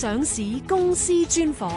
上市公司專訪。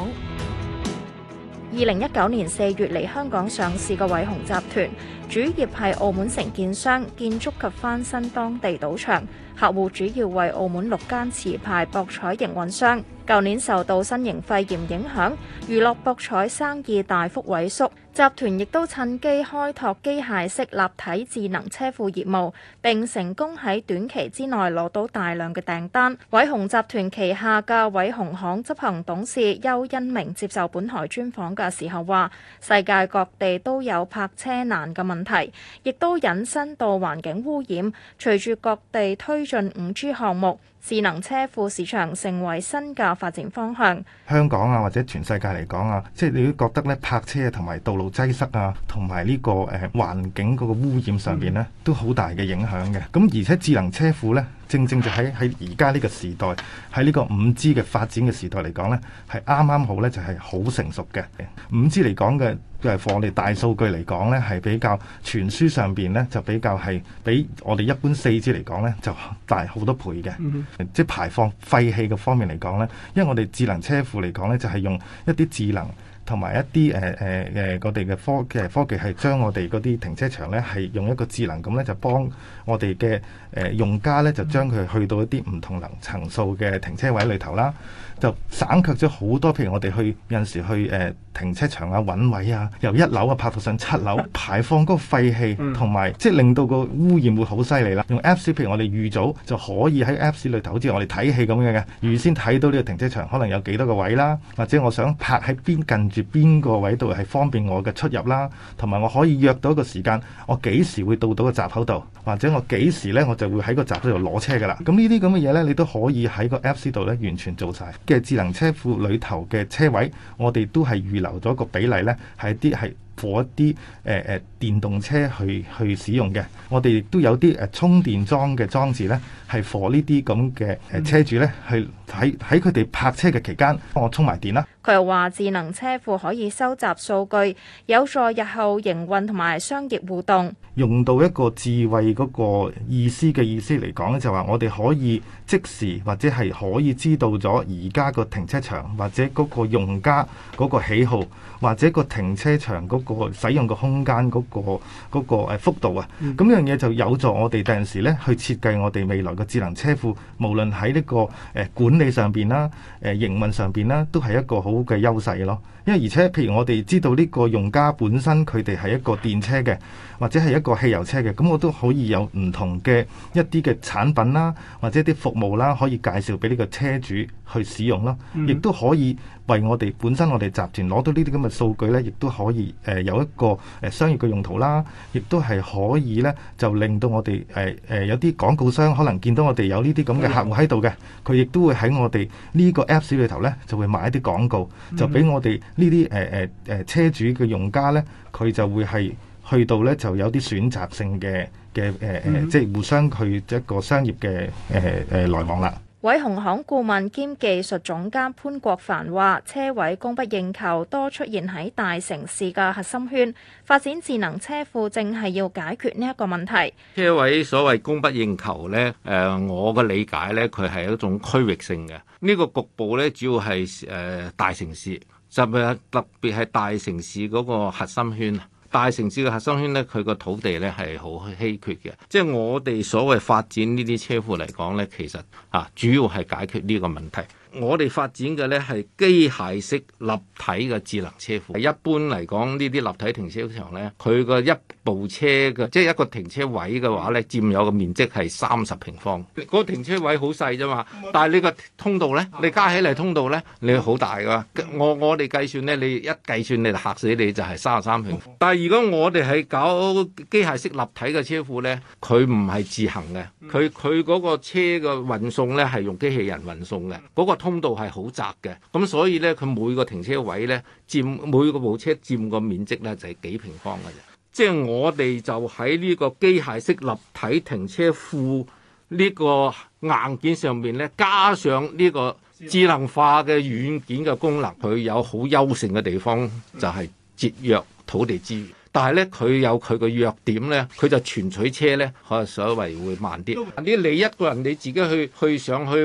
二零一九年四月嚟香港上市嘅偉鴻集團，主業係澳門承建商、建築及翻新當地賭場，客戶主要為澳門六間持牌博彩營運商。舊年受到新型肺炎影響，娛樂博彩生意大幅萎縮。集團亦都趁機開拓機械式立體智能車庫業務，並成功喺短期之內攞到大量嘅訂單。偉鴻集團旗下嘅偉鴻行執行董事邱恩明接受本台專訪嘅時候話，世界各地都有泊車難嘅問題，亦都引申到環境污染。隨住各地推進五 G 項目智能車庫市場成為新嘅發展方向。香港啊，或者全世界嚟講啊，即係你都覺得咧，泊車同埋道路擠塞啊，同埋呢個誒、呃、環境嗰個污染上邊咧，都好大嘅影響嘅。咁而且智能車庫咧。正正就喺喺而家呢個時代，喺呢個五 G 嘅發展嘅時代嚟講呢，係啱啱好呢，就係好成熟嘅。五 G 嚟講嘅譬如，就是、我哋大數據嚟講呢，係比較傳輸上邊呢，就比較係比我哋一般四 G 嚟講呢，就大好多倍嘅。Mm hmm. 即係排放廢氣嘅方面嚟講呢，因為我哋智能車庫嚟講呢就係、是、用一啲智能。同埋一啲誒誒誒我哋嘅科嘅科技係將我哋嗰啲停車場咧，係用一個智能咁咧，就幫我哋嘅誒用家咧，就將佢去到一啲唔同能層數嘅停車位裏頭啦，就省卻咗好多。譬如我哋去有陣時去誒、呃、停車場啊揾位啊，由一樓啊拍到上七樓排放個廢氣，同埋即係令到個污染會好犀利啦。用 Apps 譬如我哋預早就可以喺 Apps 裏頭好似我哋睇戲咁樣嘅，預先睇到呢個停車場可能有幾多個位啦，或者我想拍喺邊近。住邊個位度係方便我嘅出入啦，同埋我可以約到一個時間，我幾時會到到個閘口度，或者我幾時呢，我就會喺個閘口度攞車噶啦。咁呢啲咁嘅嘢呢，你都可以喺個 app 度呢，完全做晒。即係智能車庫裏頭嘅車位，我哋都係預留咗一個比例呢，係啲係。火一啲誒誒電動車去去使用嘅，我哋亦都有啲誒、呃、充電樁嘅裝置咧，係火呢啲咁嘅誒車主咧，係喺喺佢哋泊車嘅期間幫我充埋電啦。佢又話智能車庫可以收集數據，有助日後營運同埋商業互動，用到一個智慧嗰個意思嘅意思嚟講咧，就話我哋可以即時或者係可以知道咗而家個停車場或者嗰個用家嗰個喜好，或者個停車場嗰、那個。個使用嘅空間嗰個嗰個誒幅度啊，咁、mm hmm. 樣嘢就有助我哋第陣時呢去設計我哋未來嘅智能車庫，無論喺呢個誒、呃、管理上邊啦、誒、呃、營運上邊啦，都係一個好嘅優勢咯。因為而且譬如我哋知道呢個用家本身佢哋係一個電車嘅，或者係一個汽油車嘅，咁我都可以有唔同嘅一啲嘅產品啦，或者啲服務啦，可以介紹俾呢個車主去使用咯，亦都可以。Hmm. 為我哋本身我哋集團攞到呢啲咁嘅數據呢，亦都可以誒有一個誒商業嘅用途啦，亦都係可以呢，就令到我哋誒誒有啲廣告商可能見到我哋有呢啲咁嘅客戶喺度嘅，佢亦、嗯、都會喺我哋呢個 Apps 裏頭呢，就會買一啲廣告，嗯、就俾我哋呢啲誒誒誒車主嘅用家呢，佢就會係去到呢，就有啲選擇性嘅嘅誒誒，即、就、係、是、互相去一個商業嘅誒誒來往啦。偉鴻行顧問兼技術總監潘國凡話：車位供不應求，多出現喺大城市嘅核心圈。發展智能車庫正係要解決呢一個問題。車位所謂供不應求呢，誒、呃，我嘅理解呢，佢係一種區域性嘅。呢、這個局部呢，主要係誒、呃、大城市，就是、特別係特別係大城市嗰個核心圈。大城市嘅核心圈咧，佢個土地呢係好稀缺嘅，即係我哋所謂發展呢啲車庫嚟講，呢其實嚇主要係解決呢個問題。我哋發展嘅呢係機械式立體嘅智能車庫。一般嚟講，呢啲立體停車場呢，佢個一部車嘅，即係一個停車位嘅話呢，佔有嘅面積係三十平方。嗰、那個、停車位好細啫嘛，但係你個通道呢，你加起嚟通道呢，你好大㗎。我我哋計算呢，你一計算，你就嚇死你，就係三十三平方。但係如果我哋係搞機械式立體嘅車庫呢，佢唔係自行嘅，佢佢嗰個車嘅運送呢，係用機器人運送嘅，嗰、那個通道係好窄嘅，咁所以呢，佢每個停車位呢，佔每個部車佔個面積呢，就係幾平方嘅啫。即係我哋就喺呢個機械式立體停車庫呢個硬件上面呢，加上呢個智能化嘅軟件嘅功能，佢有好優勝嘅地方就係節約土地資源。但係咧，佢有佢個弱點咧，佢就存取車咧，可能所謂會慢啲。啲你一個人你自己去去上去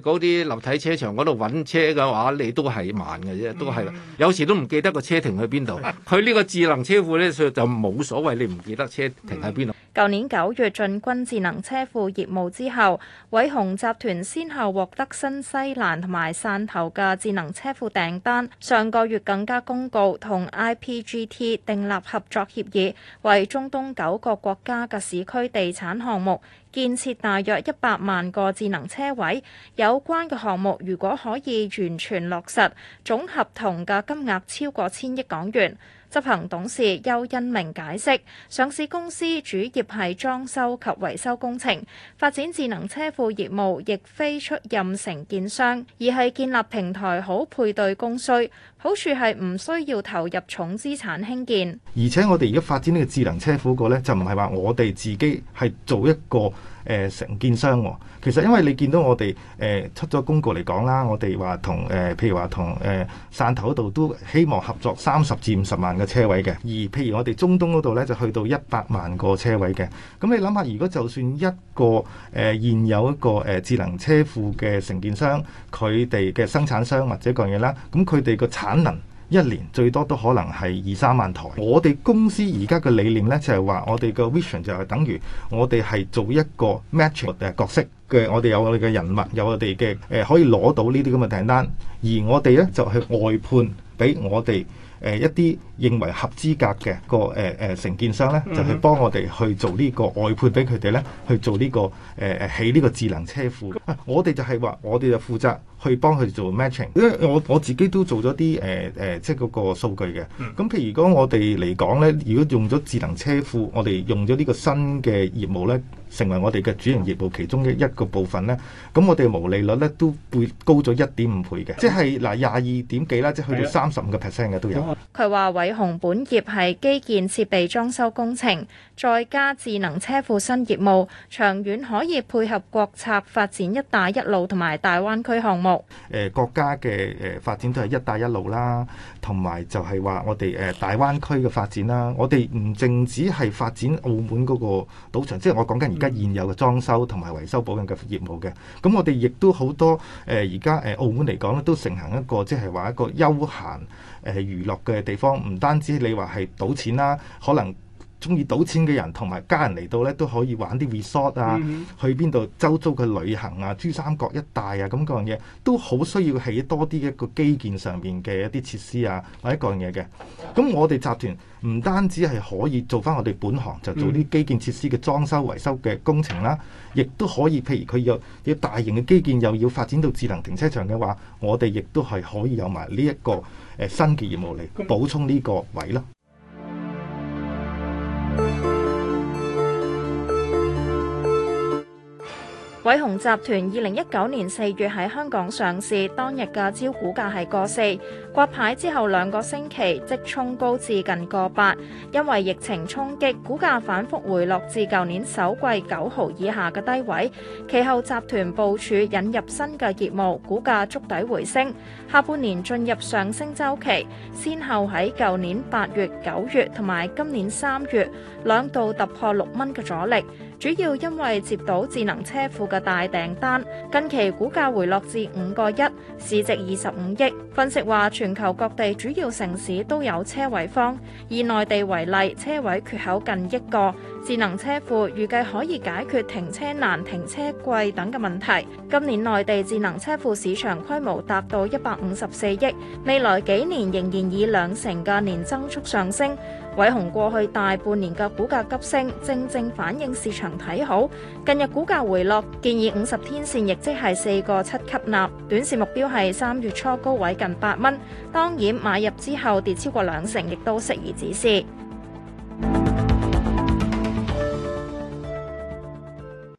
嗰啲立體車場嗰度揾車嘅話，你都係慢嘅啫，都係。有時都唔記得個車停喺邊度。佢呢個智能車庫咧，所以就就冇所謂，你唔記得車停喺邊度。舊年九月進軍智能車庫業務之後，偉鴻集團先後獲得新西蘭同埋汕頭嘅智能車庫訂單。上個月更加公告同 IPGT 訂立合作協議，為中東九個國家嘅市區地產項目建設大約一百萬個智能車位。有關嘅項目如果可以完全落實，總合同嘅金額超過千億港元。執行董事邱恩明解釋，上市公司主業係裝修及維修工程，發展智能車庫業務亦非出任承建商，而係建立平台好配對供需。好處係唔需要投入重資產興建，而且我哋而家發展呢個智能車庫個呢，就唔係話我哋自己係做一個誒、呃、承建商、哦。其實因為你見到我哋誒、呃、出咗公告嚟講啦，我哋話同誒譬如話同誒汕頭度都希望合作三十至五十萬嘅車位嘅，而譬如我哋中東嗰度呢，就去到一百萬個車位嘅。咁你諗下，如果就算一個誒、呃、現有一個誒、呃、智能車庫嘅承建商，佢哋嘅生產商或者嗰嘢啦，咁佢哋個產產能一年最多都可能係二三萬台。我哋公司而家嘅理念呢，就係話，我哋嘅 vision 就係等於我哋係做一個 match 嘅、呃、角色嘅。我哋有我哋嘅人物，有我哋嘅誒，可以攞到呢啲咁嘅訂單。而我哋呢，就去外判俾我哋誒、呃、一啲認為合資格嘅一個誒誒承建商呢就去幫我哋去做呢個外判俾佢哋呢去做呢、這個誒、呃、起呢個智能車庫。我哋就係話，我哋就，就負責。去幫佢做 matching，因為我我自己都做咗啲誒誒，即係嗰個數據嘅。咁譬如如果我哋嚟講咧，如果用咗智能車庫，我哋用咗呢個新嘅業務咧，成為我哋嘅主營業務其中嘅一個部分咧，咁我哋毛利率咧都會高咗一點五倍嘅，即係嗱廿二點幾啦，即去到三十五個 percent 嘅都有。佢話偉鴻本業係基建設備裝修工程，再加智能車庫新業務，長遠可以配合國策發展一帶一路同埋大灣區項目。誒國家嘅誒發展都係一帶一路啦，同埋就係話我哋誒大灣區嘅發展啦。我哋唔淨止係發展澳門嗰個賭場，即係我講緊而家現有嘅裝修同埋維修保養嘅業務嘅。咁我哋亦都好多誒而家誒澳門嚟講咧，都成行一個即係話一個休閒誒娛樂嘅地方，唔單止你話係賭錢啦，可能。中意賭錢嘅人同埋家人嚟到呢，都可以玩啲 resort 啊，mm hmm. 去邊度周遭嘅旅行啊，珠三角一帶啊，咁嗰樣嘢都好需要起多啲一個基建上面嘅一啲設施啊，或者嗰樣嘢嘅。咁我哋集團唔單止係可以做翻我哋本行，就做啲基建設施嘅裝修維修嘅工程啦，亦都、mm hmm. 可以譬如佢有啲大型嘅基建，又要發展到智能停車場嘅話，我哋亦都係可以有埋呢一個誒新嘅業務嚟補充呢個位咯。偉鴻集團二零一九年四月喺香港上市，當日嘅招股價係過四，掛牌之後兩個星期即衝高至近過八，因為疫情衝擊，股價反覆回落至舊年首季九毫以下嘅低位，其後集團部署引入新嘅業務，股價築底回升，下半年進入上升周期，先後喺舊年八月、九月同埋今年三月兩度突破六蚊嘅阻力。主要因為接到智能車庫嘅大訂單，近期股價回落至五個一，市值二十五億。分析話，全球各地主要城市都有車位荒，以內地為例，車位缺口近億個。智能車庫預計可以解決停車難、停車貴等嘅問題。今年內地智能車庫市場規模達到一百五十四億，未來幾年仍然以兩成嘅年增速上升。偉鴻過去大半年嘅股價急升，正正反映市場睇好。近日股價回落，建議五十天線亦即係四個七級納，短線目標係三月初高位近八蚊。當然買入之後跌超過兩成，亦都適宜止蝕。